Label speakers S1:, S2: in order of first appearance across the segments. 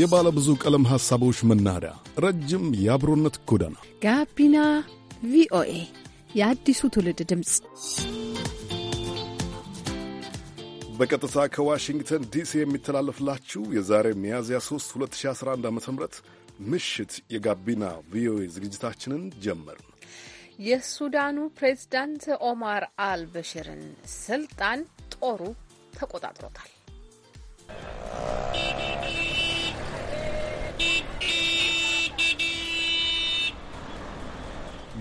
S1: የባለ ብዙ ቀለም ሐሳቦች መናኸሪያ፣ ረጅም የአብሮነት ጎዳና፣
S2: ጋቢና ቪኦኤ፣ የአዲሱ ትውልድ ድምፅ
S1: በቀጥታ ከዋሽንግተን ዲሲ የሚተላለፍላችሁ የዛሬ ሚያዝያ 3 2011 ዓ ም ምሽት የጋቢና ቪኦኤ ዝግጅታችንን ጀመር።
S2: የሱዳኑ ፕሬዝዳንት ኦማር አልበሽርን ስልጣን ጦሩ ተቆጣጥሮታል።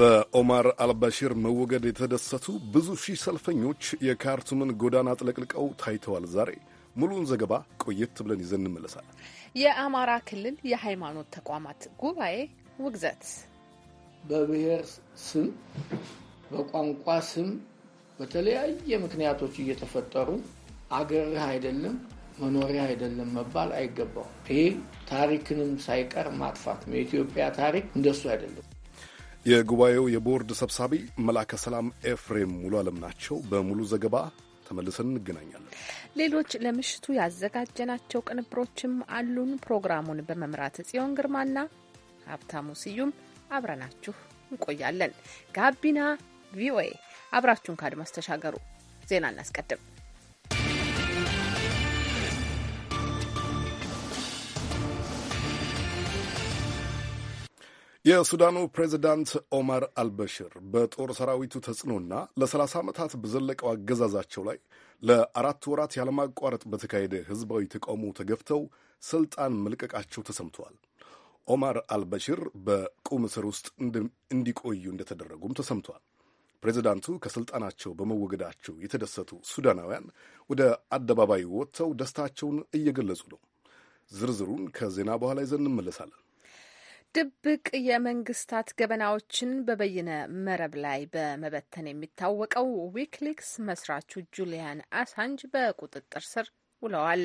S1: በኦማር አልባሺር መወገድ የተደሰቱ ብዙ ሺህ ሰልፈኞች የካርቱምን ጎዳና አጥለቅልቀው ታይተዋል ዛሬ። ሙሉውን ዘገባ ቆየት ብለን ይዘን እንመለሳለን።
S2: የአማራ ክልል የሃይማኖት ተቋማት ጉባኤ ውግዘት
S3: በብሔር ስም በቋንቋ ስም በተለያየ ምክንያቶች እየተፈጠሩ አገርህ አይደለም መኖሪያ አይደለም መባል አይገባውም። ይሄ ታሪክንም ሳይቀር ማጥፋት ነው። የኢትዮጵያ ታሪክ እንደሱ አይደለም።
S1: የጉባኤው የቦርድ ሰብሳቢ መላከ ሰላም ኤፍሬም ሙሉ አለም ናቸው። በሙሉ ዘገባ ተመልሰን እንገናኛለን።
S2: ሌሎች ለምሽቱ ያዘጋጀናቸው ቅንብሮችም አሉን። ፕሮግራሙን በመምራት ጽዮን ግርማና ሀብታሙ ስዩም አብረናችሁ እንቆያለን። ጋቢና ቪኦኤ አብራችሁን ከአድማስ ተሻገሩ። ዜና እናስቀድም።
S1: የሱዳኑ ፕሬዚዳንት ኦማር አልበሽር በጦር ሰራዊቱ ተጽዕኖና ለ30 ዓመታት በዘለቀው አገዛዛቸው ላይ ለአራት ወራት ያለማቋረጥ በተካሄደ ሕዝባዊ ተቃውሞ ተገፍተው ስልጣን መልቀቃቸው ተሰምተዋል። ኦማር አልበሽር በቁም እስር ውስጥ እንዲቆዩ እንደተደረጉም ተሰምቷል። ፕሬዚዳንቱ ከሥልጣናቸው በመወገዳቸው የተደሰቱ ሱዳናውያን ወደ አደባባይ ወጥተው ደስታቸውን እየገለጹ ነው። ዝርዝሩን ከዜና በኋላ ይዘን እንመለሳለን።
S2: ድብቅ የመንግስታት ገበናዎችን በበይነ መረብ ላይ በመበተን የሚታወቀው ዊክሊክስ መስራቹ ጁሊያን አሳንጅ በቁጥጥር ስር ውለዋል።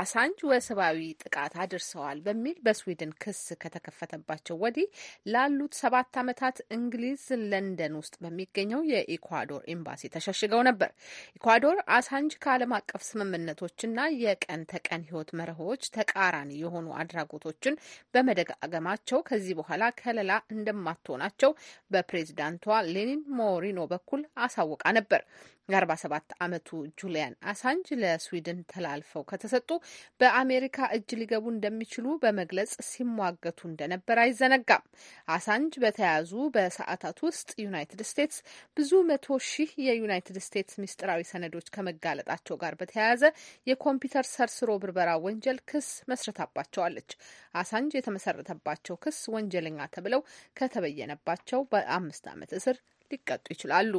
S2: አሳንጅ ወሲባዊ ጥቃት አድርሰዋል በሚል በስዊድን ክስ ከተከፈተባቸው ወዲህ ላሉት ሰባት ዓመታት እንግሊዝ ለንደን ውስጥ በሚገኘው የኢኳዶር ኤምባሲ ተሸሽገው ነበር። ኢኳዶር አሳንጅ ከዓለም አቀፍ ስምምነቶችና የቀን ተቀን ሕይወት መርሆች ተቃራኒ የሆኑ አድራጎቶችን በመደጋገማቸው ከዚህ በኋላ ከለላ እንደማትሆናቸው በፕሬዚዳንቷ ሌኒን ሞሪኖ በኩል አሳውቃ ነበር። የ47 አመቱ ጁሊያን አሳንጅ ለስዊድን ተላልፈው ከተሰጡ በአሜሪካ እጅ ሊገቡ እንደሚችሉ በመግለጽ ሲሟገቱ እንደነበር አይዘነጋም። አሳንጅ በተያያዙ በሰዓታት ውስጥ ዩናይትድ ስቴትስ ብዙ መቶ ሺህ የዩናይትድ ስቴትስ ምስጢራዊ ሰነዶች ከመጋለጣቸው ጋር በተያያዘ የኮምፒውተር ሰርስሮ ብርበራ ወንጀል ክስ መስርታባቸዋለች። አሳንጅ የተመሰረተባቸው ክስ ወንጀለኛ ተብለው ከተበየነባቸው በአምስት ዓመት እስር
S1: ሊቀጡ ይችላሉ።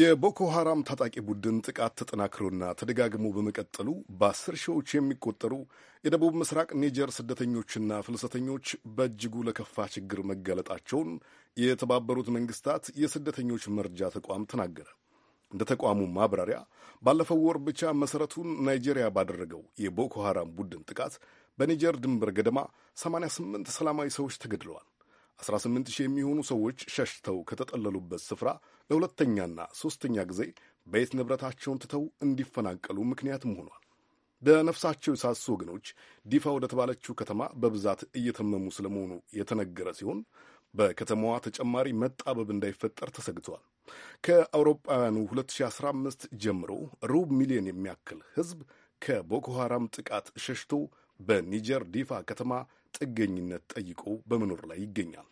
S1: የቦኮ ሐራም ታጣቂ ቡድን ጥቃት ተጠናክሮና ተደጋግሞ በመቀጠሉ በአስር ሺዎች የሚቆጠሩ የደቡብ ምስራቅ ኒጀር ስደተኞችና ፍልሰተኞች በእጅጉ ለከፋ ችግር መጋለጣቸውን የተባበሩት መንግስታት የስደተኞች መርጃ ተቋም ተናገረ። እንደ ተቋሙ ማብራሪያ ባለፈው ወር ብቻ መሠረቱን ናይጄሪያ ባደረገው የቦኮ ሐራም ቡድን ጥቃት በኒጀር ድንበር ገደማ 88 ሰላማዊ ሰዎች ተገድለዋል። 18,000 የሚሆኑ ሰዎች ሸሽተው ከተጠለሉበት ስፍራ ለሁለተኛና ሦስተኛ ጊዜ ቤት ንብረታቸውን ትተው እንዲፈናቀሉ ምክንያትም ሆኗል። በነፍሳቸው የሳሱ ወገኖች ዲፋ ወደተባለችው ከተማ በብዛት እየተመሙ ስለመሆኑ የተነገረ ሲሆን በከተማዋ ተጨማሪ መጣበብ እንዳይፈጠር ተሰግቷል። ከአውሮፓውያኑ 2015 ጀምሮ ሩብ ሚሊዮን የሚያክል ሕዝብ ከቦኮ ሐራም ጥቃት ሸሽቶ በኒጀር ዲፋ ከተማ ጥገኝነት ጠይቆ በመኖር ላይ ይገኛል።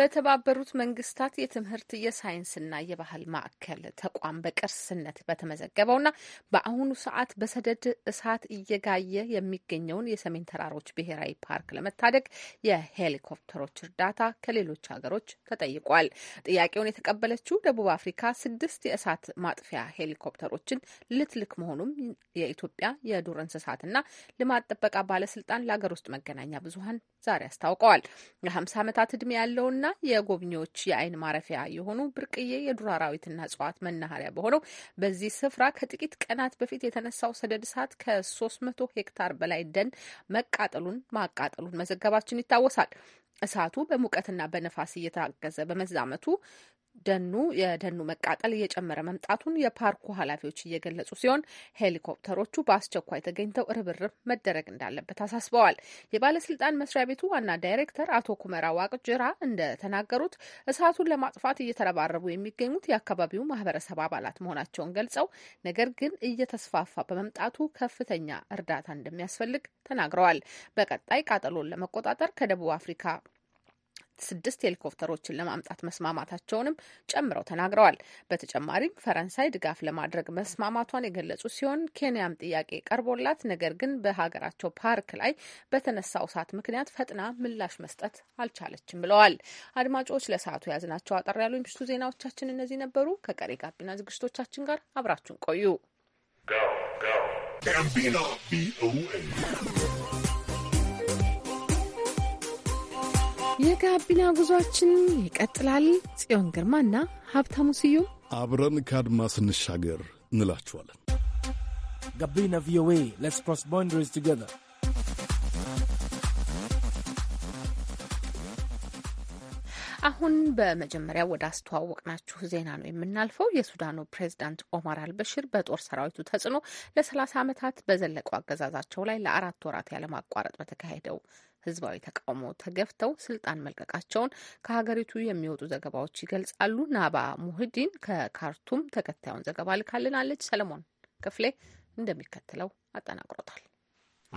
S2: በተባበሩት መንግስታት የትምህርት የሳይንስና የባህል ማዕከል ተቋም በቅርስነት በተመዘገበውና በአሁኑ ሰዓት በሰደድ እሳት እየጋየ የሚገኘውን የሰሜን ተራሮች ብሔራዊ ፓርክ ለመታደግ የሄሊኮፕተሮች እርዳታ ከሌሎች ሀገሮች ተጠይቋል። ጥያቄውን የተቀበለችው ደቡብ አፍሪካ ስድስት የእሳት ማጥፊያ ሄሊኮፕተሮችን ልትልክ መሆኑም የኢትዮጵያ የዱር እንስሳትና ልማት ጥበቃ ባለስልጣን ለሀገር ውስጥ መገናኛ ብዙሀን ዛሬ አስታውቀዋል። የ50 ዓመታት ዕድሜ ያለውና የጎብኚዎች የአይን ማረፊያ የሆኑ ብርቅዬ የዱር አራዊትና እጽዋት መናኸሪያ በሆነው በዚህ ስፍራ ከጥቂት ቀናት በፊት የተነሳው ሰደድ እሳት ከ300 ሄክታር በላይ ደን መቃጠሉን ማቃጠሉን መዘገባችን ይታወሳል። እሳቱ በሙቀትና በነፋስ እየታገዘ በመዛመቱ ደኑ የደኑ መቃጠል እየጨመረ መምጣቱን የፓርኩ ኃላፊዎች እየገለጹ ሲሆን ሄሊኮፕተሮቹ በአስቸኳይ ተገኝተው ርብርብ መደረግ እንዳለበት አሳስበዋል። የባለስልጣን መስሪያ ቤቱ ዋና ዳይሬክተር አቶ ኩመራ ዋቅጅራ እንደተናገሩት እሳቱን ለማጥፋት እየተረባረቡ የሚገኙት የአካባቢው ማህበረሰብ አባላት መሆናቸውን ገልጸው ነገር ግን እየተስፋፋ በመምጣቱ ከፍተኛ እርዳታ እንደሚያስፈልግ ተናግረዋል። በቀጣይ ቃጠሎን ለመቆጣጠር ከደቡብ አፍሪካ ስድስት ሄሊኮፕተሮችን ለማምጣት መስማማታቸውንም ጨምረው ተናግረዋል። በተጨማሪም ፈረንሳይ ድጋፍ ለማድረግ መስማማቷን የገለጹ ሲሆን ኬንያም ጥያቄ ቀርቦላት ነገር ግን በሀገራቸው ፓርክ ላይ በተነሳው እሳት ምክንያት ፈጥና ምላሽ መስጠት አልቻለችም ብለዋል። አድማጮች ለሰዓቱ የያዝናቸው አጠር ያሉ የምሽቱ ዜናዎቻችን እነዚህ ነበሩ። ከቀሪ ጋቢና ዝግጅቶቻችን ጋር አብራችሁን ቆዩ። የጋቢና ጉዟችን ይቀጥላል። ጽዮን ግርማና ሀብታሙ ስዩም
S1: አብረን ከአድማ ስንሻገር እንላችኋለን።
S3: ጋቢና ቪኦኤ ሌትስ ክሮስ ቦንደሪስ ቱጌዘር
S2: አሁን በመጀመሪያ ወደ አስተዋወቅናችሁ ዜና ነው የምናልፈው። የሱዳኑ ፕሬዚዳንት ኦማር አልበሽር በጦር ሰራዊቱ ተጽዕኖ ለሰላሳ ዓመታት በዘለቀው አገዛዛቸው ላይ ለአራት ወራት ያለማቋረጥ በተካሄደው ህዝባዊ ተቃውሞ ተገፍተው ስልጣን መልቀቃቸውን ከሀገሪቱ የሚወጡ ዘገባዎች ይገልጻሉ። ናባ ሙህዲን ከካርቱም ተከታዩን ዘገባ ልካልናለች። ሰለሞን ክፍሌ እንደሚከተለው አጠናቅሮታል።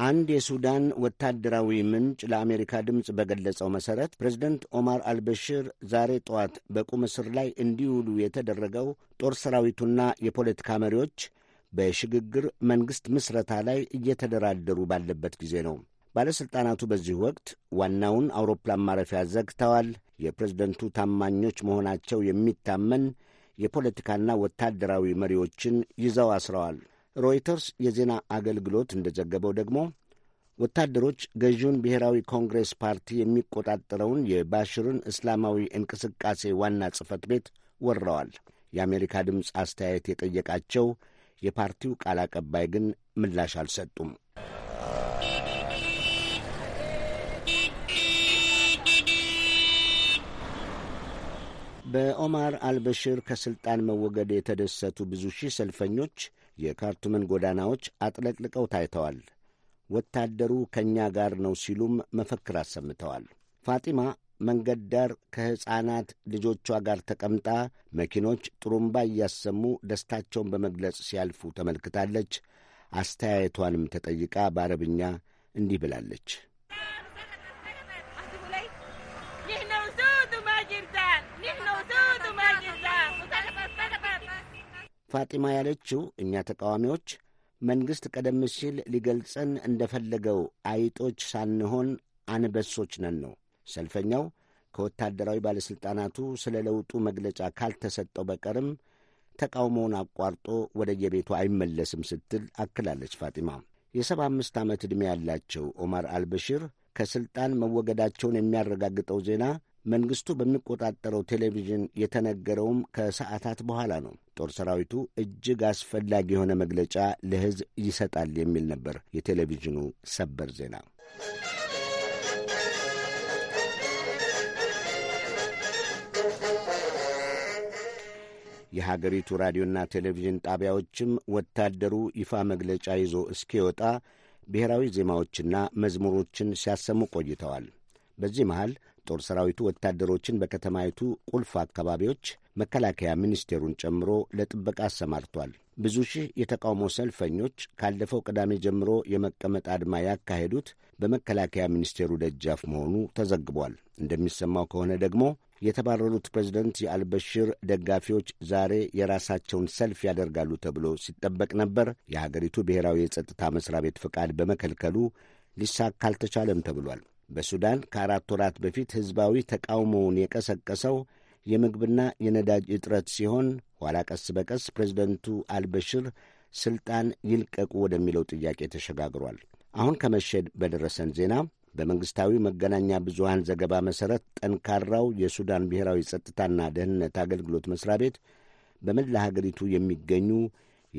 S4: አንድ የሱዳን ወታደራዊ ምንጭ ለአሜሪካ ድምፅ በገለጸው መሠረት ፕሬዝደንት ኦማር አልበሽር ዛሬ ጠዋት በቁም እስር ላይ እንዲውሉ የተደረገው ጦር ሰራዊቱና የፖለቲካ መሪዎች በሽግግር መንግሥት ምስረታ ላይ እየተደራደሩ ባለበት ጊዜ ነው። ባለሥልጣናቱ በዚህ ወቅት ዋናውን አውሮፕላን ማረፊያ ዘግተዋል። የፕሬዝደንቱ ታማኞች መሆናቸው የሚታመን የፖለቲካና ወታደራዊ መሪዎችን ይዘው አስረዋል። ሮይተርስ የዜና አገልግሎት እንደዘገበው ደግሞ ወታደሮች ገዢውን ብሔራዊ ኮንግሬስ ፓርቲ የሚቆጣጠረውን የባሽርን እስላማዊ እንቅስቃሴ ዋና ጽሕፈት ቤት ወርረዋል። የአሜሪካ ድምፅ አስተያየት የጠየቃቸው የፓርቲው ቃል አቀባይ ግን ምላሽ አልሰጡም። በኦማር አልበሽር ከሥልጣን መወገድ የተደሰቱ ብዙ ሺህ ሰልፈኞች የካርቱምን ጎዳናዎች አጥለቅልቀው ታይተዋል። ወታደሩ ከእኛ ጋር ነው ሲሉም መፈክር አሰምተዋል። ፋጢማ መንገድ ዳር ከሕፃናት ልጆቿ ጋር ተቀምጣ መኪኖች ጥሩምባ እያሰሙ ደስታቸውን በመግለጽ ሲያልፉ ተመልክታለች። አስተያየቷንም ተጠይቃ በአረብኛ እንዲህ ብላለች። ፋጢማ ያለችው እኛ ተቃዋሚዎች መንግሥት ቀደም ሲል ሊገልጸን እንደፈለገው አይጦች ሳንሆን አንበሶች ነን ነው። ሰልፈኛው ከወታደራዊ ባለሥልጣናቱ ስለ ለውጡ መግለጫ ካልተሰጠው በቀርም ተቃውሞውን አቋርጦ ወደ የቤቱ አይመለስም ስትል አክላለች። ፋጢማ የሰባ አምስት ዓመት ዕድሜ ያላቸው ኦማር አልበሽር ከሥልጣን መወገዳቸውን የሚያረጋግጠው ዜና መንግስቱ በሚቆጣጠረው ቴሌቪዥን የተነገረውም ከሰዓታት በኋላ ነው። ጦር ሰራዊቱ እጅግ አስፈላጊ የሆነ መግለጫ ለሕዝብ ይሰጣል የሚል ነበር የቴሌቪዥኑ ሰበር ዜና። የሀገሪቱ ራዲዮና ቴሌቪዥን ጣቢያዎችም ወታደሩ ይፋ መግለጫ ይዞ እስኪወጣ ብሔራዊ ዜማዎችና መዝሙሮችን ሲያሰሙ ቆይተዋል። በዚህ መሃል ጦር ሰራዊቱ ወታደሮችን በከተማይቱ ቁልፍ አካባቢዎች መከላከያ ሚኒስቴሩን ጨምሮ ለጥበቃ አሰማርቷል። ብዙ ሺህ የተቃውሞ ሰልፈኞች ካለፈው ቅዳሜ ጀምሮ የመቀመጥ አድማ ያካሄዱት በመከላከያ ሚኒስቴሩ ደጃፍ መሆኑ ተዘግቧል። እንደሚሰማው ከሆነ ደግሞ የተባረሩት ፕሬዝደንት የአልበሽር ደጋፊዎች ዛሬ የራሳቸውን ሰልፍ ያደርጋሉ ተብሎ ሲጠበቅ ነበር። የሀገሪቱ ብሔራዊ የጸጥታ መስሪያ ቤት ፈቃድ በመከልከሉ ሊሳካ አልተቻለም ተብሏል። በሱዳን ከአራት ወራት በፊት ሕዝባዊ ተቃውሞውን የቀሰቀሰው የምግብና የነዳጅ እጥረት ሲሆን ኋላ ቀስ በቀስ ፕሬዚደንቱ አልበሽር ስልጣን ይልቀቁ ወደሚለው ጥያቄ ተሸጋግሯል። አሁን ከመሸድ በደረሰን ዜና በመንግሥታዊ መገናኛ ብዙሃን ዘገባ መሠረት ጠንካራው የሱዳን ብሔራዊ ጸጥታና ደህንነት አገልግሎት መሥሪያ ቤት በመላ አገሪቱ የሚገኙ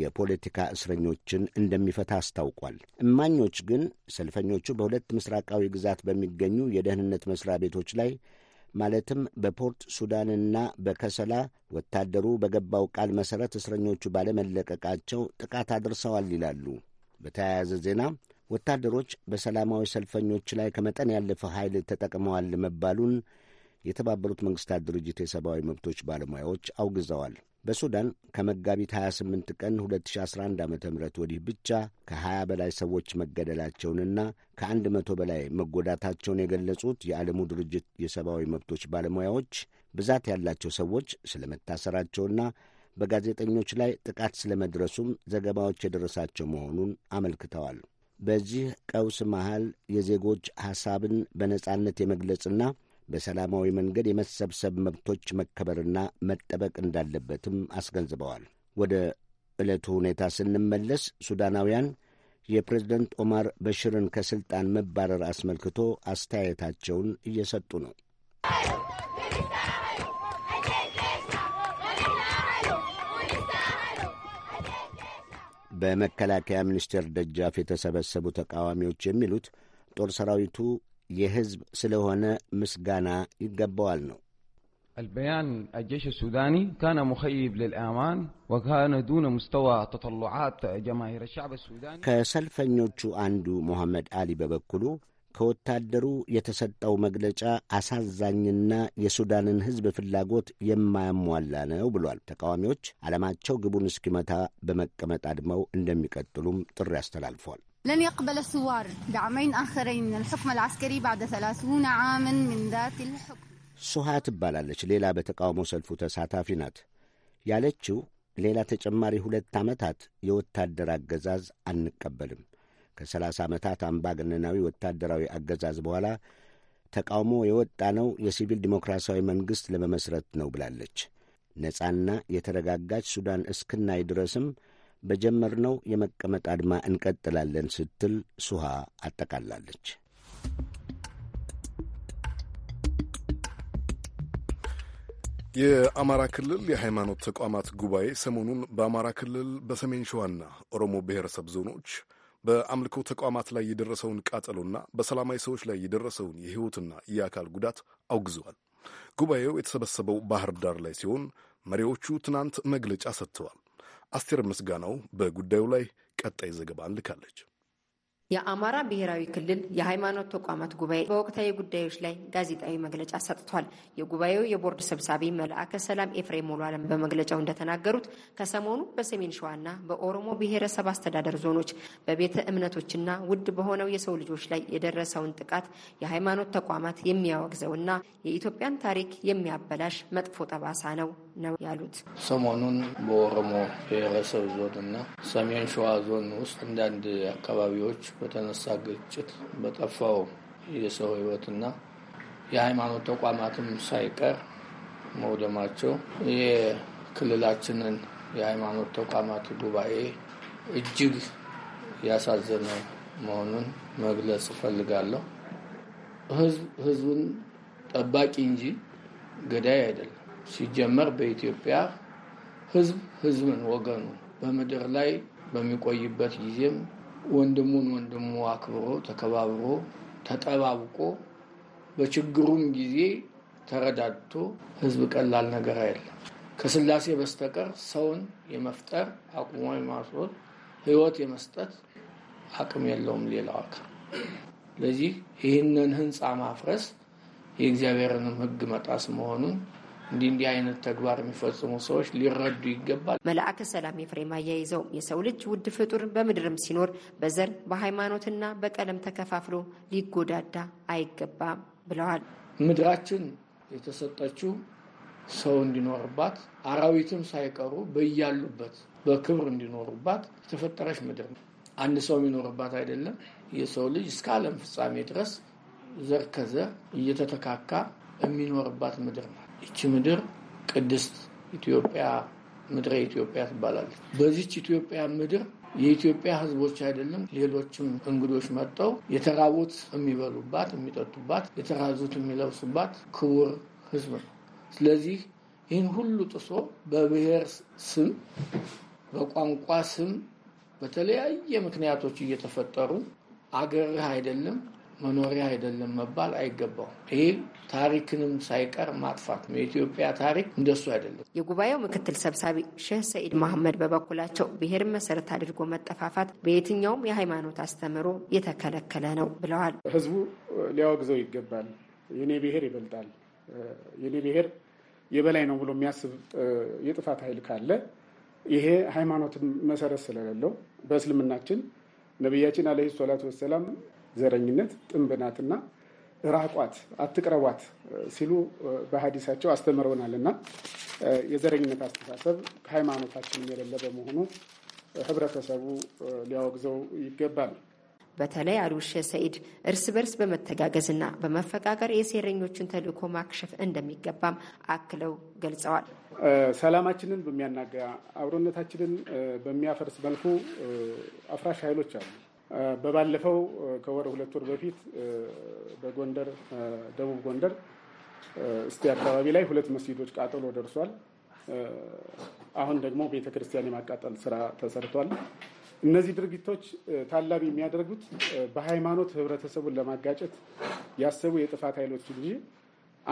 S4: የፖለቲካ እስረኞችን እንደሚፈታ አስታውቋል። እማኞች ግን ሰልፈኞቹ በሁለት ምስራቃዊ ግዛት በሚገኙ የደህንነት መስሪያ ቤቶች ላይ ማለትም በፖርት ሱዳንና በከሰላ ወታደሩ በገባው ቃል መሠረት እስረኞቹ ባለመለቀቃቸው ጥቃት አድርሰዋል ይላሉ። በተያያዘ ዜና ወታደሮች በሰላማዊ ሰልፈኞች ላይ ከመጠን ያለፈ ኃይል ተጠቅመዋል መባሉን የተባበሩት መንግስታት ድርጅት የሰብአዊ መብቶች ባለሙያዎች አውግዘዋል። በሱዳን ከመጋቢት 28 ቀን 2011 ዓ ም ወዲህ ብቻ ከ20 በላይ ሰዎች መገደላቸውንና ከ100 በላይ መጎዳታቸውን የገለጹት የዓለሙ ድርጅት የሰብአዊ መብቶች ባለሙያዎች ብዛት ያላቸው ሰዎች ስለ መታሰራቸውና በጋዜጠኞች ላይ ጥቃት ስለ መድረሱም ዘገባዎች የደረሳቸው መሆኑን አመልክተዋል። በዚህ ቀውስ መሃል የዜጎች ሐሳብን በነጻነት የመግለጽና በሰላማዊ መንገድ የመሰብሰብ መብቶች መከበርና መጠበቅ እንዳለበትም አስገንዝበዋል። ወደ ዕለቱ ሁኔታ ስንመለስ ሱዳናውያን የፕሬዝደንት ኦማር በሽርን ከሥልጣን መባረር አስመልክቶ አስተያየታቸውን እየሰጡ ነው። በመከላከያ ሚኒስቴር ደጃፍ የተሰበሰቡ ተቃዋሚዎች የሚሉት ጦር ሰራዊቱ የሕዝብ ስለሆነ ምስጋና ይገባዋል ነው።
S5: አልበያን አልጀሽ ሱዳኒ ካነ ሙኸይብ ልልአማን ወካነ ዱነ ሙስተዋ ተጠሉዓት ጀማሂር ሻዕብ ሱዳኒ።
S4: ከሰልፈኞቹ አንዱ ሞሐመድ አሊ በበኩሉ ከወታደሩ የተሰጠው መግለጫ አሳዛኝና የሱዳንን ሕዝብ ፍላጎት የማያሟላ ነው ብሏል። ተቃዋሚዎች ዓለማቸው ግቡን እስኪመታ በመቀመጥ አድመው እንደሚቀጥሉም ጥሪ አስተላልፏል።
S2: لن يقبل الثوار دعمين آخرين من الحكم العسكري بعد ثلاثون عاما من ذات الحكم
S4: ሱሃ ትባላለች። ሌላ በተቃውሞ ሰልፉ ተሳታፊ ናት። ያለችው ሌላ ተጨማሪ ሁለት ዓመታት የወታደር አገዛዝ አንቀበልም። ከሰላሳ ዓመታት አምባገነናዊ ወታደራዊ አገዛዝ በኋላ ተቃውሞ የወጣ ነው የሲቪል ዲሞክራሲያዊ መንግሥት ለመመስረት ነው ብላለች። ነጻና የተረጋጋች ሱዳን እስክናይ ድረስም በጀመርነው የመቀመጥ አድማ እንቀጥላለን ስትል ሱሃ አጠቃላለች።
S1: የአማራ ክልል የሃይማኖት ተቋማት ጉባኤ ሰሞኑን በአማራ ክልል በሰሜን ሸዋና ኦሮሞ ብሔረሰብ ዞኖች በአምልኮ ተቋማት ላይ የደረሰውን ቃጠሎና በሰላማዊ ሰዎች ላይ የደረሰውን የሕይወትና የአካል ጉዳት አውግዘዋል። ጉባኤው የተሰበሰበው ባህር ዳር ላይ ሲሆን መሪዎቹ ትናንት መግለጫ ሰጥተዋል። አስቴር ምስጋናው በጉዳዩ ላይ ቀጣይ ዘገባ ልካለች።
S6: የአማራ ብሔራዊ ክልል የሃይማኖት ተቋማት ጉባኤ በወቅታዊ ጉዳዮች ላይ ጋዜጣዊ መግለጫ ሰጥቷል። የጉባኤው የቦርድ ሰብሳቢ መልአከ ሰላም ኤፍሬም ሙሉ አለም በመግለጫው እንደተናገሩት ከሰሞኑ በሰሜን ሸዋና በኦሮሞ ብሔረሰብ አስተዳደር ዞኖች በቤተ እምነቶችና ውድ በሆነው የሰው ልጆች ላይ የደረሰውን ጥቃት የሃይማኖት ተቋማት የሚያወግዘውና የኢትዮጵያን ታሪክ የሚያበላሽ መጥፎ ጠባሳ ነው ነው ያሉት።
S3: ሰሞኑን በኦሮሞ ብሔረሰብ ዞን እና ሰሜን ሸዋ ዞን ውስጥ አንዳንድ አካባቢዎች በተነሳ ግጭት በጠፋው የሰው ና የሃይማኖት ተቋማትም ሳይቀር መውደማቸው የክልላችንን የሃይማኖት ተቋማት ጉባኤ እጅግ ያሳዘነ መሆኑን መግለጽ እፈልጋለሁ። ህዝብ ህዝቡን ጠባቂ እንጂ ገዳይ አይደለም። ሲጀመር በኢትዮጵያ ህዝብ ህዝብን ወገኑ በምድር ላይ በሚቆይበት ጊዜም ወንድሙን ወንድሙ አክብሮ ተከባብሮ ተጠባብቆ በችግሩም ጊዜ ተረዳድቶ ህዝብ ቀላል ነገር አይደለም። ከስላሴ በስተቀር ሰውን የመፍጠር አቁሞ የማስወት ህይወት የመስጠት አቅም የለውም ሌላው አካል። ስለዚህ ይህንን ህንፃ ማፍረስ የእግዚአብሔርንም ህግ መጣስ መሆኑን እንዲህ እንዲህ
S6: አይነት ተግባር የሚፈጽሙ ሰዎች ሊረዱ ይገባል። መልአከ ሰላም ኤፍሬም አያይዘው የሰው ልጅ ውድ ፍጡር በምድርም ሲኖር በዘር በሃይማኖትና በቀለም ተከፋፍሎ ሊጎዳዳ አይገባም ብለዋል።
S3: ምድራችን የተሰጠችው ሰው እንዲኖርባት አራዊትም ሳይቀሩ በያሉበት በክብር እንዲኖሩባት የተፈጠረች ምድር ነው። አንድ ሰው የሚኖርባት አይደለም። የሰው ልጅ እስከ ዓለም ፍጻሜ ድረስ ዘር ከዘር እየተተካካ የሚኖርባት ምድር ነው። ይቺ ምድር ቅድስት ኢትዮጵያ ምድረ ኢትዮጵያ ትባላለች። በዚች ኢትዮጵያ ምድር የኢትዮጵያ ሕዝቦች አይደለም ሌሎችም እንግዶች መጥተው የተራቡት የሚበሉባት፣ የሚጠጡባት፣ የተራዙት የሚለብሱባት ክቡር ሕዝብ ነው። ስለዚህ ይህን ሁሉ ጥሶ በብሔር ስም በቋንቋ ስም በተለያየ ምክንያቶች እየተፈጠሩ አገርህ አይደለም መኖሪያ አይደለም መባል አይገባውም። ይህ ታሪክንም ሳይቀር ማጥፋት ነው። የኢትዮጵያ ታሪክ
S6: እንደሱ አይደለም። የጉባኤው ምክትል ሰብሳቢ ሼህ ሰኢድ መሐመድ በበኩላቸው ብሔርን መሰረት አድርጎ መጠፋፋት በየትኛውም የሃይማኖት አስተምህሮ የተከለከለ ነው ብለዋል።
S7: ህዝቡ ሊያወግዘው ይገባል። የኔ ብሔር ይበልጣል፣ የኔ ብሔር የበላይ ነው ብሎ የሚያስብ የጥፋት ኃይል ካለ ይሄ ሃይማኖትን መሰረት ስለሌለው በእስልምናችን ነቢያችን አለ ሰላቱ ወሰላም ዘረኝነት ጥንብ ናትና ራቋት፣ አትቅረቧት ሲሉ በሀዲሳቸው አስተምረውናል እና የዘረኝነት አስተሳሰብ ከሃይማኖታችንም የሌለ በመሆኑ ህብረተሰቡ ሊያወግዘው ይገባል።
S6: በተለይ አሩሽ ሰኢድ እርስ በርስ በመተጋገዝና በመፈቃቀር የሴረኞችን ተልእኮ ማክሸፍ እንደሚገባም አክለው
S7: ገልጸዋል። ሰላማችንን በሚያናጋ አብሮነታችንን በሚያፈርስ መልኩ አፍራሽ ኃይሎች አሉ። በባለፈው ከወር ሁለት ወር በፊት በጎንደር ደቡብ ጎንደር እስቲ አካባቢ ላይ ሁለት መስጊዶች ቃጠሎ ደርሷል። አሁን ደግሞ ቤተ ክርስቲያን የማቃጠል ስራ ተሰርቷል። እነዚህ ድርጊቶች ታላቢ የሚያደርጉት በሃይማኖት ህብረተሰቡን ለማጋጨት ያሰቡ የጥፋት ኃይሎች እንጂ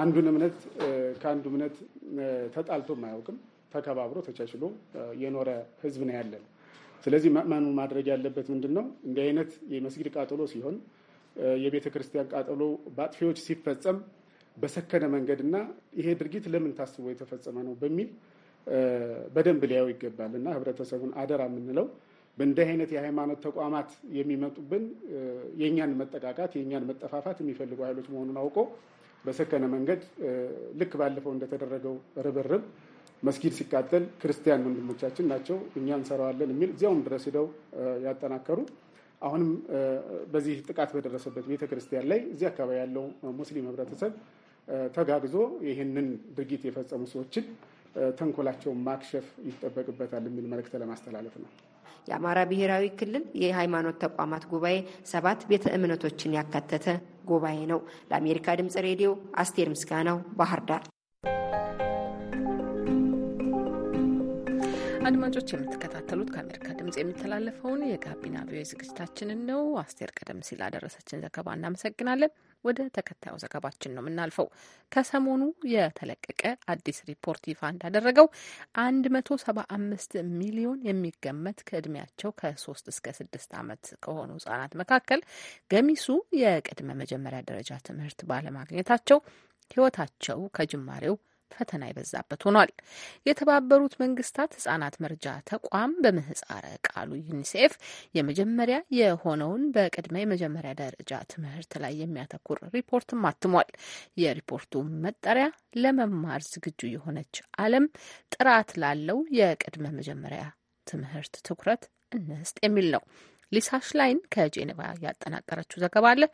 S7: አንዱን እምነት ከአንዱ እምነት ተጣልቶም አያውቅም። ተከባብሮ ተቻችሎ የኖረ ህዝብ ነው ያለን። ስለዚህ መእመኑ ማድረግ ያለበት ምንድን ነው? እንዲህ አይነት የመስጊድ ቃጠሎ ሲሆን የቤተ ክርስቲያን ቃጠሎ በአጥፊዎች ሲፈጸም በሰከነ መንገድ እና ይሄ ድርጊት ለምን ታስቦ የተፈጸመ ነው በሚል በደንብ ሊያው ይገባል እና ህብረተሰቡን አደራ የምንለው በእንዲህ አይነት የሃይማኖት ተቋማት የሚመጡብን የእኛን መጠቃቃት የእኛን መጠፋፋት የሚፈልጉ ኃይሎች መሆኑን አውቆ በሰከነ መንገድ ልክ ባለፈው እንደተደረገው ርብርብ መስጊድ ሲቃጠል ክርስቲያን ወንድሞቻችን ናቸው እኛ እንሰራዋለን የሚል እዚያውም ድረስ ሄደው ያጠናከሩ አሁንም በዚህ ጥቃት በደረሰበት ቤተ ክርስቲያን ላይ እዚህ አካባቢ ያለው ሙስሊም ህብረተሰብ ተጋግዞ ይህንን ድርጊት የፈጸሙ ሰዎችን ተንኮላቸውን ማክሸፍ ይጠበቅበታል የሚል መልእክት ለማስተላለፍ ነው። የአማራ
S6: ብሔራዊ ክልል የሃይማኖት ተቋማት ጉባኤ ሰባት ቤተ እምነቶችን ያካተተ ጉባኤ ነው። ለአሜሪካ ድምጽ ሬዲዮ አስቴር ምስጋናው ባህር ዳር።
S2: አድማጮች የምትከታተሉት ከአሜሪካ ድምጽ የሚተላለፈውን የጋቢና ቪኦኤ ዝግጅታችንን ነው። አስቴር ቀደም ሲል አደረሰችን ዘገባ እናመሰግናለን። ወደ ተከታዩ ዘገባችን ነው የምናልፈው። ከሰሞኑ የተለቀቀ አዲስ ሪፖርት ይፋ እንዳደረገው 175 ሚሊዮን የሚገመት ከእድሜያቸው ከ3 እስከ 6 ዓመት ከሆኑ ህጻናት መካከል ገሚሱ የቅድመ መጀመሪያ ደረጃ ትምህርት ባለማግኘታቸው ህይወታቸው ከጅማሬው ፈተና የበዛበት ሆኗል። የተባበሩት መንግስታት ህጻናት መርጃ ተቋም በምህጻረ ቃሉ ዩኒሴፍ የመጀመሪያ የሆነውን በቅድመ የመጀመሪያ ደረጃ ትምህርት ላይ የሚያተኩር ሪፖርትም አትሟል። የሪፖርቱ መጠሪያ ለመማር ዝግጁ የሆነች ዓለም ጥራት ላለው የቅድመ መጀመሪያ ትምህርት ትኩረት እንስጥ የሚል ነው። ሊሳሽ ላይን ከጄኔቫ ያጠናቀረችው ዘገባ አለ።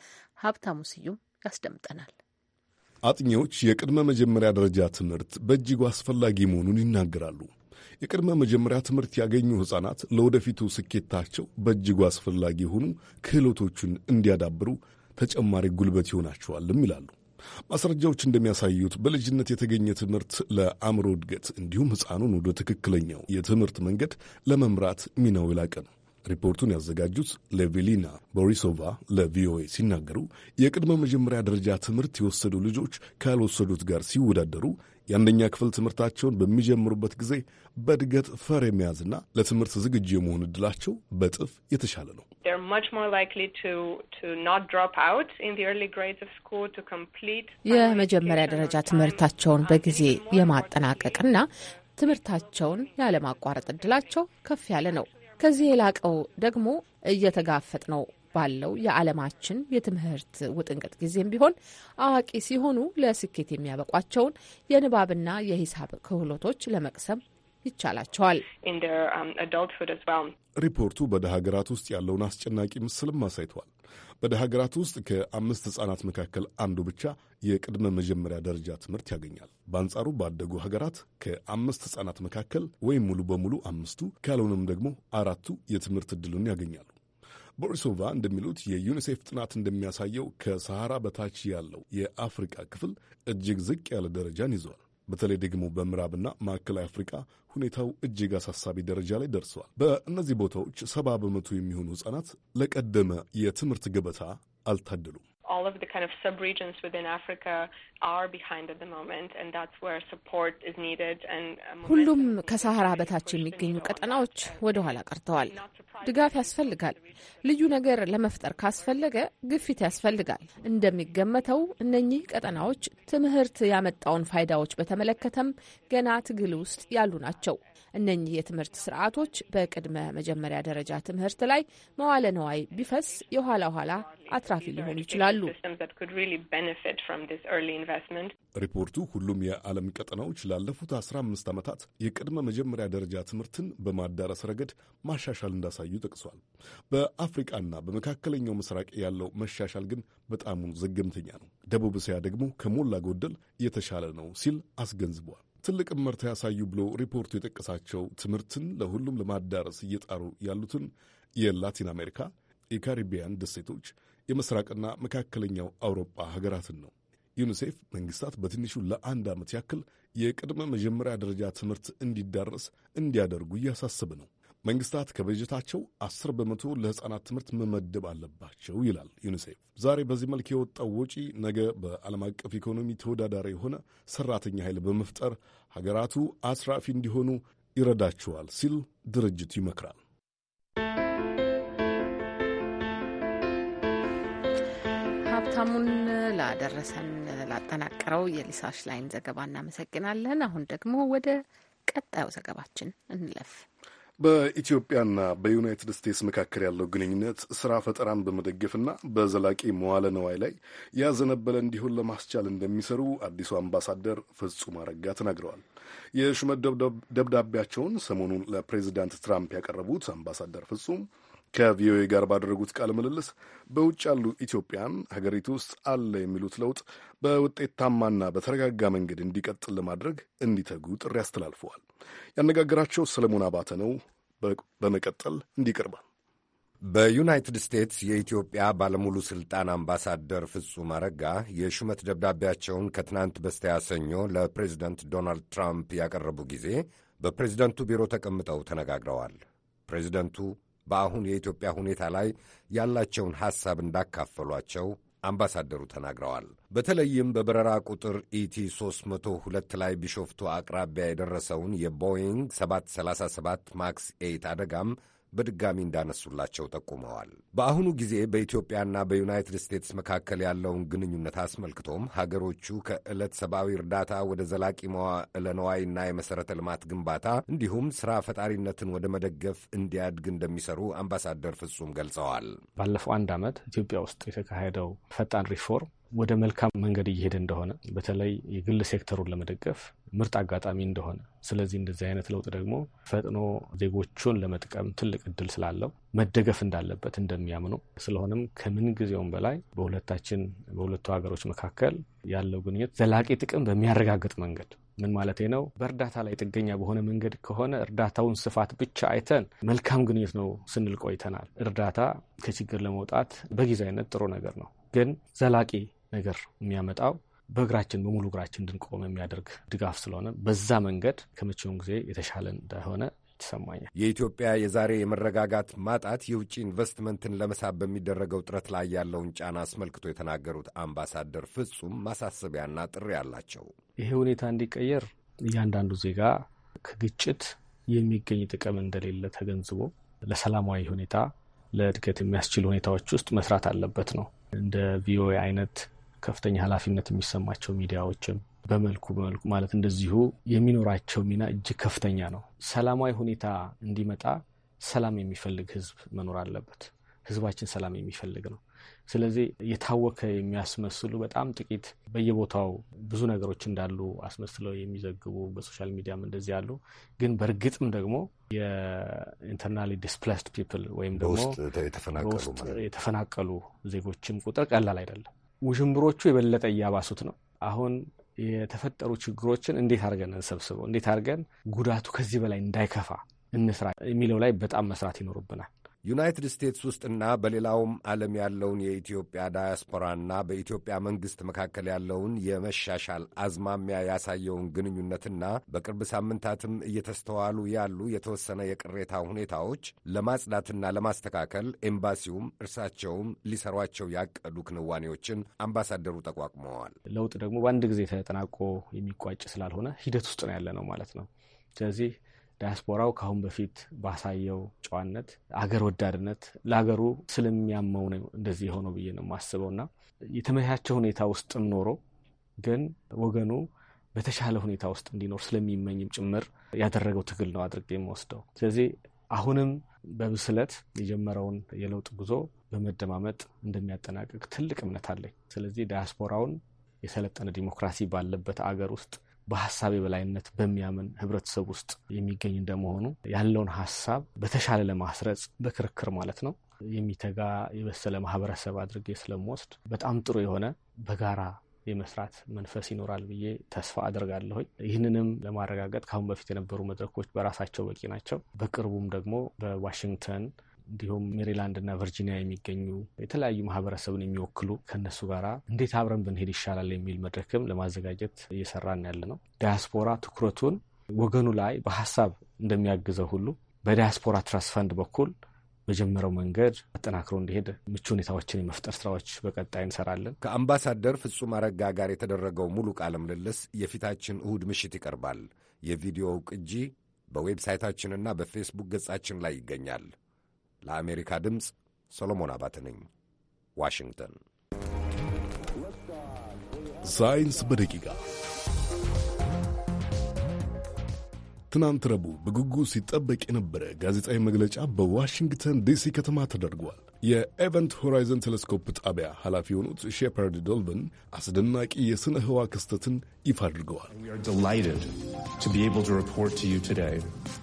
S2: ሀብታሙ ስዩም ያስደምጠናል።
S1: አጥኚዎች የቅድመ መጀመሪያ ደረጃ ትምህርት በእጅጉ አስፈላጊ መሆኑን ይናገራሉ። የቅድመ መጀመሪያ ትምህርት ያገኙ ሕፃናት ለወደፊቱ ስኬታቸው በእጅጉ አስፈላጊ የሆኑ ክህሎቶቹን እንዲያዳብሩ ተጨማሪ ጉልበት ይሆናቸዋልም ይላሉ። ማስረጃዎች እንደሚያሳዩት በልጅነት የተገኘ ትምህርት ለአእምሮ እድገት እንዲሁም ሕፃኑን ወደ ትክክለኛው የትምህርት መንገድ ለመምራት ሚናው የላቀ ነው። ሪፖርቱን ያዘጋጁት ሌቪሊና ቦሪሶቫ ለቪኦኤ ሲናገሩ የቅድመ መጀመሪያ ደረጃ ትምህርት የወሰዱ ልጆች ካልወሰዱት ጋር ሲወዳደሩ የአንደኛ ክፍል ትምህርታቸውን በሚጀምሩበት ጊዜ በእድገት ፈር የመያዝና ለትምህርት ዝግጁ የመሆን እድላቸው በጥፍ የተሻለ ነው።
S2: የመጀመሪያ ደረጃ ትምህርታቸውን በጊዜ የማጠናቀቅና ትምህርታቸውን ያለማቋረጥ እድላቸው ከፍ ያለ ነው። ከዚህ የላቀው ደግሞ እየተጋፈጥ ነው ባለው የዓለማችን የትምህርት ውጥንቅጥ ጊዜም ቢሆን አዋቂ ሲሆኑ ለስኬት የሚያበቋቸውን የንባብና የሂሳብ ክህሎቶች ለመቅሰም ይቻላቸዋል። um,
S1: ሪፖርቱ በደሃ ሀገራት ውስጥ ያለውን አስጨናቂ ምስልም አሳይቷል። በደ ሀገራት ውስጥ ከአምስት ሕፃናት መካከል አንዱ ብቻ የቅድመ መጀመሪያ ደረጃ ትምህርት ያገኛል። በአንጻሩ ባደጉ ሀገራት ከአምስት ሕፃናት መካከል ወይም ሙሉ በሙሉ አምስቱ ካልሆነም ደግሞ አራቱ የትምህርት ዕድሉን ያገኛሉ። ቦሪሶቫ እንደሚሉት የዩኒሴፍ ጥናት እንደሚያሳየው ከሰሃራ በታች ያለው የአፍሪቃ ክፍል እጅግ ዝቅ ያለ ደረጃን ይዟል። በተለይ ደግሞ በምዕራብና ማዕከላዊ አፍሪካ ሁኔታው እጅግ አሳሳቢ ደረጃ ላይ ደርሰዋል። በእነዚህ ቦታዎች ሰባ በመቶ የሚሆኑ ሕጻናት ለቀደመ የትምህርት ገበታ አልታደሉም።
S2: all of the kind of subregions within Africa are behind at the moment, and that's where support is needed. And uh, ሁሉም ከሳሐራ በታች የሚገኙ ቀጠናዎች ወደ ኋላ ቀርተዋል። ድጋፍ ያስፈልጋል። ልዩ ነገር ለመፍጠር ካስፈለገ ግፊት ያስፈልጋል። እንደሚገመተው እነኚህ ቀጠናዎች ትምህርት ያመጣውን ፋይዳዎች በተመለከተም ገና ትግል ውስጥ ያሉ ናቸው። እነኚህ የትምህርት ስርዓቶች በቅድመ መጀመሪያ ደረጃ ትምህርት ላይ መዋለ ነዋይ ቢፈስ የኋላ ኋላ አትራፊ ሊሆኑ ይችላሉ።
S1: ሪፖርቱ ሁሉም የዓለም ቀጠናዎች ላለፉት አስራ አምስት ዓመታት የቅድመ መጀመሪያ ደረጃ ትምህርትን በማዳረስ ረገድ ማሻሻል እንዳሳዩ ጠቅሷል። በአፍሪቃና በመካከለኛው ምስራቅ ያለው መሻሻል ግን በጣሙ ዘገምተኛ ነው። ደቡብ እስያ ደግሞ ከሞላ ጎደል የተሻለ ነው ሲል አስገንዝቧል። ትልቅ እመርታ ያሳዩ ብሎ ሪፖርቱ የጠቀሳቸው ትምህርትን ለሁሉም ለማዳረስ እየጣሩ ያሉትን የላቲን አሜሪካ፣ የካሪቢያን ደሴቶች፣ የምስራቅና መካከለኛው አውሮፓ ሀገራትን ነው። ዩኒሴፍ መንግስታት በትንሹ ለአንድ ዓመት ያክል የቅድመ መጀመሪያ ደረጃ ትምህርት እንዲዳረስ እንዲያደርጉ እያሳሰበ ነው። መንግስታት ከበጀታቸው አስር በመቶ ለሕፃናት ትምህርት መመደብ አለባቸው ይላል ዩኒሴፍ። ዛሬ በዚህ መልክ የወጣው ወጪ ነገ በዓለም አቀፍ ኢኮኖሚ ተወዳዳሪ የሆነ ሰራተኛ ኃይል በመፍጠር ሀገራቱ አስራፊ እንዲሆኑ ይረዳቸዋል ሲል ድርጅቱ ይመክራል።
S2: ሀብታሙን ላደረሰን ላጠናቀረው የሊሳሽ ላይን ዘገባ እናመሰግናለን። አሁን ደግሞ ወደ ቀጣዩ ዘገባችን እንለፍ።
S1: በኢትዮጵያና በዩናይትድ ስቴትስ መካከል ያለው ግንኙነት ስራ ፈጠራን በመደገፍና በዘላቂ መዋለ ነዋይ ላይ ያዘነበለ እንዲሆን ለማስቻል እንደሚሰሩ አዲሱ አምባሳደር ፍጹም አረጋ ተናግረዋል። የሹመት ደብዳቤያቸውን ሰሞኑን ለፕሬዚዳንት ትራምፕ ያቀረቡት አምባሳደር ፍጹም ከቪኦኤ ጋር ባደረጉት ቃለ ምልልስ በውጭ ያሉ ኢትዮጵያን ሀገሪቱ ውስጥ አለ የሚሉት ለውጥ በውጤታማና በተረጋጋ መንገድ እንዲቀጥል ለማድረግ እንዲተጉ ጥሪ አስተላልፈዋል። ያነጋገራቸው ሰለሞን አባተ ነው። በመቀጠል እንዲቀርባል።
S5: በዩናይትድ ስቴትስ የኢትዮጵያ ባለሙሉ ሥልጣን አምባሳደር ፍጹም አረጋ የሹመት ደብዳቤያቸውን ከትናንት በስቲያ ሰኞ ለፕሬዚደንት ዶናልድ ትራምፕ ያቀረቡ ጊዜ በፕሬዚደንቱ ቢሮ ተቀምጠው ተነጋግረዋል። ፕሬዚደንቱ በአሁን የኢትዮጵያ ሁኔታ ላይ ያላቸውን ሐሳብ እንዳካፈሏቸው አምባሳደሩ ተናግረዋል። በተለይም በበረራ ቁጥር ኢቲ 302 ላይ ቢሾፍቱ አቅራቢያ የደረሰውን የቦይንግ 737 ማክስ 8 አደጋም በድጋሚ እንዳነሱላቸው ጠቁመዋል። በአሁኑ ጊዜ በኢትዮጵያና በዩናይትድ ስቴትስ መካከል ያለውን ግንኙነት አስመልክቶም ሀገሮቹ ከዕለት ሰብአዊ እርዳታ ወደ ዘላቂ መዋዕለ ነዋይና የመሠረተ ልማት ግንባታ እንዲሁም ሥራ ፈጣሪነትን ወደ መደገፍ እንዲያድግ እንደሚሰሩ አምባሳደር ፍጹም ገልጸዋል። ባለፈው አንድ ዓመት ኢትዮጵያ ውስጥ የተካሄደው ፈጣን ሪፎርም
S8: ወደ መልካም መንገድ እየሄደ እንደሆነ በተለይ የግል ሴክተሩን ለመደገፍ ምርጥ አጋጣሚ እንደሆነ፣ ስለዚህ እንደዚህ አይነት ለውጥ ደግሞ ፈጥኖ ዜጎቹን ለመጥቀም ትልቅ እድል ስላለው መደገፍ እንዳለበት እንደሚያምኑ፣ ስለሆነም ከምን ጊዜውም በላይ በሁለታችን በሁለቱ ሀገሮች መካከል ያለው ግንኙነት ዘላቂ ጥቅም በሚያረጋግጥ መንገድ ምን ማለት ነው? በእርዳታ ላይ ጥገኛ በሆነ መንገድ ከሆነ እርዳታውን ስፋት ብቻ አይተን መልካም ግንኙነት ነው ስንል ቆይተናል። እርዳታ ከችግር ለመውጣት አይነት ጥሩ ነገር ነው፣ ግን ዘላቂ ነገር የሚያመጣው በእግራችን በሙሉ እግራችን እንድንቆም የሚያደርግ ድጋፍ ስለሆነ በዛ መንገድ
S5: ከመቼውም ጊዜ የተሻለ እንደሆነ ይሰማኛል። የኢትዮጵያ የዛሬ የመረጋጋት ማጣት የውጭ ኢንቨስትመንትን ለመሳብ በሚደረገው ጥረት ላይ ያለውን ጫና አስመልክቶ የተናገሩት አምባሳደር ፍጹም ማሳሰቢያና ጥሪ አላቸው።
S8: ይሄ ሁኔታ እንዲቀየር እያንዳንዱ ዜጋ ከግጭት የሚገኝ ጥቅም እንደሌለ ተገንዝቦ ለሰላማዊ ሁኔታ ለእድገት የሚያስችሉ ሁኔታዎች ውስጥ መስራት አለበት ነው እንደ ቪኦኤ አይነት ከፍተኛ ኃላፊነት የሚሰማቸው ሚዲያዎችም በመልኩ በመልኩ ማለት እንደዚሁ የሚኖራቸው ሚና እጅግ ከፍተኛ ነው። ሰላማዊ ሁኔታ እንዲመጣ ሰላም የሚፈልግ ህዝብ መኖር አለበት። ህዝባችን ሰላም የሚፈልግ ነው። ስለዚህ የታወከ የሚያስመስሉ በጣም ጥቂት በየቦታው ብዙ ነገሮች እንዳሉ አስመስለው የሚዘግቡ በሶሻል ሚዲያም እንደዚህ ያሉ ግን በእርግጥም ደግሞ የኢንተርናሊ ዲስፕላስድ ፒፕል ወይም ደግሞ የተፈናቀሉ ዜጎችም ቁጥር ቀላል አይደለም። ውዥንብሮቹ የበለጠ እያባሱት ነው። አሁን የተፈጠሩ ችግሮችን እንዴት አድርገን እንሰብስበው፣ እንዴት አድርገን ጉዳቱ ከዚህ በላይ እንዳይከፋ እንስራ የሚለው ላይ በጣም መስራት ይኖርብናል።
S5: ዩናይትድ ስቴትስ ውስጥና በሌላውም ዓለም ያለውን የኢትዮጵያ ዳያስፖራና በኢትዮጵያ መንግሥት መካከል ያለውን የመሻሻል አዝማሚያ ያሳየውን ግንኙነትና በቅርብ ሳምንታትም እየተስተዋሉ ያሉ የተወሰነ የቅሬታ ሁኔታዎች ለማጽዳትና ለማስተካከል ኤምባሲውም እርሳቸውም ሊሰሯቸው ያቀዱ ክንዋኔዎችን አምባሳደሩ ጠቋቁመዋል።
S8: ለውጥ ደግሞ በአንድ ጊዜ ተጠናቆ የሚቋጭ ስላልሆነ ሂደት ውስጥ ነው ያለ ነው ማለት ነው። ስለዚህ ዳያስፖራው ከአሁን በፊት ባሳየው ጨዋነት፣ አገር ወዳድነት ለሀገሩ ስለሚያመው ነው እንደዚህ የሆነው ብዬ ነው የማስበው እና የተመቻቸው ሁኔታ ውስጥም ኖሮ ግን ወገኑ በተሻለ ሁኔታ ውስጥ እንዲኖር ስለሚመኝም ጭምር ያደረገው ትግል ነው አድርጌ የምወስደው። ስለዚህ አሁንም በብስለት የጀመረውን የለውጥ ጉዞ በመደማመጥ እንደሚያጠናቅቅ ትልቅ እምነት አለኝ። ስለዚህ ዳያስፖራውን የሰለጠነ ዲሞክራሲ ባለበት አገር ውስጥ በሀሳብ የበላይነት በሚያምን ህብረተሰብ ውስጥ የሚገኝ እንደመሆኑ ያለውን ሀሳብ በተሻለ ለማስረጽ በክርክር ማለት ነው የሚተጋ የበሰለ ማህበረሰብ አድርጌ ስለምወስድ በጣም ጥሩ የሆነ በጋራ የመስራት መንፈስ ይኖራል ብዬ ተስፋ አደርጋለሁኝ። ይህንንም ለማረጋገጥ ከአሁን በፊት የነበሩ መድረኮች በራሳቸው በቂ ናቸው። በቅርቡም ደግሞ በዋሽንግተን እንዲሁም ሜሪላንድ እና ቨርጂኒያ የሚገኙ የተለያዩ ማህበረሰብን የሚወክሉ ከነሱ ጋራ እንዴት አብረን ብንሄድ ይሻላል የሚል መድረክም ለማዘጋጀት እየሰራን ያለ ነው። ዲያስፖራ ትኩረቱን ወገኑ ላይ በሀሳብ እንደሚያግዘው ሁሉ በዲያስፖራ ትራስፈንድ ፈንድ በኩል በጀመረው መንገድ አጠናክሮ እንዲሄድ ምቹ ሁኔታዎችን
S5: የመፍጠር ስራዎች በቀጣይ እንሰራለን። ከአምባሳደር ፍጹም አረጋ ጋር የተደረገው ሙሉ ቃለ ምልልስ የፊታችን እሁድ ምሽት ይቀርባል። የቪዲዮው ቅጂ በዌብሳይታችንና በፌስቡክ ገጻችን ላይ ይገኛል። ለአሜሪካ ድምፅ ሰሎሞን አባተ ነኝ፣ ዋሽንግተን። ሳይንስ በደቂቃ
S1: ትናንት ረቡዕ በጉጉ ሲጠበቅ የነበረ ጋዜጣዊ መግለጫ በዋሽንግተን ዲሲ ከተማ ተደርጓል። የኤቨንት ሆራይዘን ቴሌስኮፕ ጣቢያ ኃላፊ የሆኑት ሼፐርድ ዶልቨን አስደናቂ የሥነ ህዋ ክስተትን ይፋ አድርገዋል።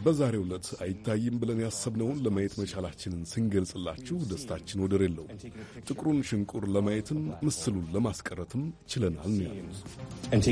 S1: በዛሬው ዕለት አይታይም ብለን ያሰብነውን ለማየት መቻላችንን ስንገልጽላችሁ ደስታችን ወደር የለው። ጥቁሩን ሽንቁር ለማየትም ምስሉን ለማስቀረትም ችለናል ያሉት።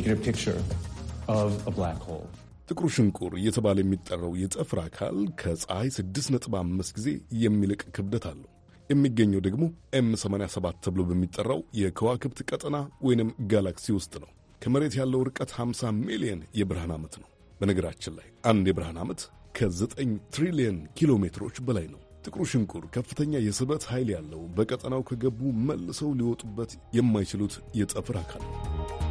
S1: ጥቁር ሽንቁር እየተባለ የሚጠራው የጠፍር አካል ከፀሐይ 6.5 ጊዜ የሚልቅ ክብደት አለው። የሚገኘው ደግሞ ኤም 87 ተብሎ በሚጠራው የከዋክብት ቀጠና ወይንም ጋላክሲ ውስጥ ነው። ከመሬት ያለው ርቀት 50 ሚሊዮን የብርሃን ዓመት ነው። በነገራችን ላይ አንድ የብርሃን ዓመት ከ9 ትሪሊየን ኪሎ ሜትሮች በላይ ነው። ጥቁሩ ሽንቁር ከፍተኛ የስበት ኃይል ያለው በቀጠናው ከገቡ መልሰው ሊወጡበት የማይችሉት የጠፍር አካል ነው።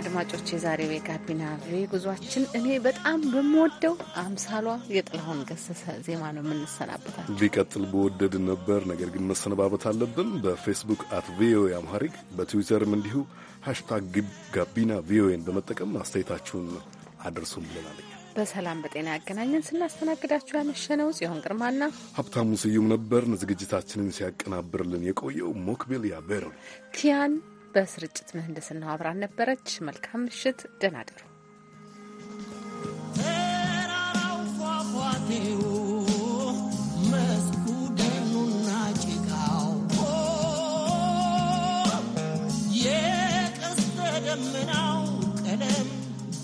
S2: አድማጮች የዛሬው የጋቢና ቪ ጉዟችን እኔ በጣም በምወደው አምሳሏ የጥላሁን ገሰሰ ዜማ ነው የምንሰናበታቸው።
S1: ቢቀጥል በወደድ ነበር፣ ነገር ግን መሰነባበት አለብን። በፌስቡክ አት ቪኦኤ አምሃሪክ በትዊተርም እንዲሁ ሃሽታግ ጋቢና ቪኦኤን በመጠቀም አስተያየታችሁን አድርሱን ብለናል።
S2: በሰላም በጤና ያገናኘን። ስናስተናግዳችሁ ያመሸነው ጽዮን ግርማና
S1: ሀብታሙ ስዩም ነበርን። ዝግጅታችንን ሲያቀናብርልን የቆየው ሞክቤል ያቤሮ
S2: ኪያን በስርጭት ምህንድስና አብራን ነበረች። መልካም ምሽት፣ ደህና ደሩ።
S6: ተራራው ፏፏቴው መስኩ ደኑና ጭቃው የቀስተ ደመናው ቀለም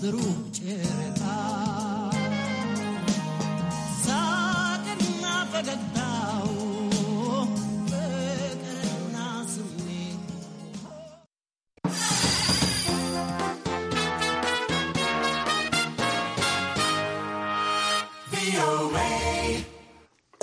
S6: ብሩህ ጨረቃ ሳቅና ፈገግታ